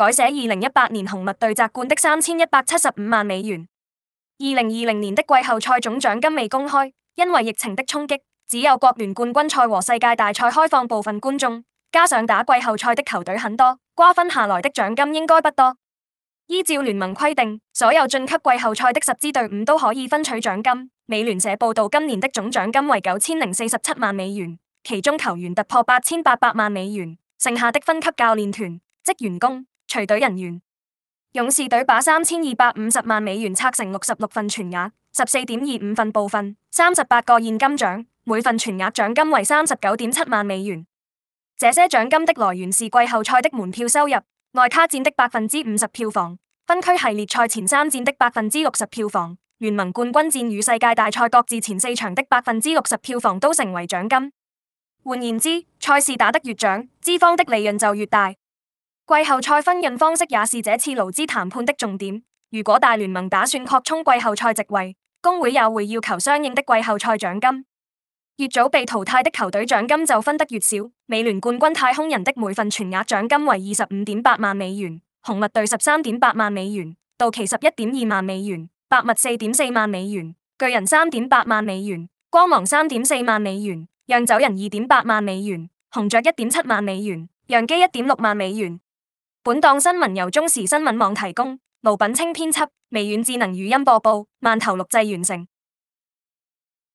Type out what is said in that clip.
改寫二零一八年紅襪隊摘冠的三千一百七十五萬美元。二零二零年的季後賽總獎金未公開，因為疫情的衝擊，只有國聯冠軍賽和世界大賽開放部分觀眾，加上打季後賽的球隊很多，瓜分下來的獎金應該不多。依照聯盟規定，所有晉級季後賽的十支隊伍都可以分取獎金。美聯社報道，今年的總獎金為九千零四十七萬美元，其中球員突破八千八百萬美元，剩下的分給教練團、職員工。隨隊人員，勇士隊把三千二百五十萬美元拆成六十六份全額，十四點二五份部分，三十八個現金獎，每份全額獎金為三十九點七萬美元。這些獎金的來源是季後賽的門票收入，外卡戰的百分之五十票房，分區系列賽前三戰的百分之六十票房，聯盟冠軍戰與世界大賽各自前四場的百分之六十票房都成為獎金。換言之，賽事打得越長，資方的利潤就越大。季後賽分潤方式也是這次勞資談判的重點。如果大聯盟打算擴充季後賽席位，工會也會要求相應的季後賽獎金。越早被淘汰的球隊，獎金就分得越少。美聯冠軍太空人的每份全額獎金為二十五點八萬美元，紅襪隊十三點八萬美元，道奇十一點二萬美元，白襪四點四萬美元，巨人三點八萬美元，光芒三點四萬美元，釀酒人二點八萬美元，紅雀一點七萬美元，洋基一點六萬美元。本檔新聞由中時新聞網提供，盧品清編輯，微軟智能語音播報，饅頭錄製完成。